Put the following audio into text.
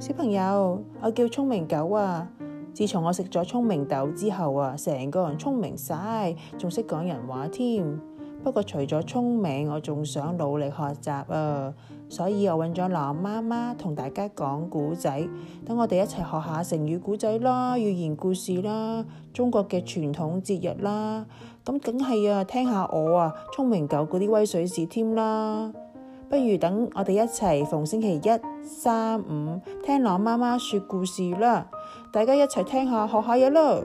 小朋友，我叫聰明狗啊！自從我食咗聰明豆之後啊，成個人聰明晒，仲識講人話添。不過除咗聰明，我仲想努力學習啊，所以我搵咗朗媽媽同大家講古仔，等我哋一齊學下成語古仔啦、寓言故事啦、中國嘅傳統節日啦。咁梗係啊，聽下我啊，聰明狗嗰啲威水事添啦！不如等我哋一齊逢星期一、三、五聽朗媽媽說故事啦，大家一齊聽一下學下嘢咯。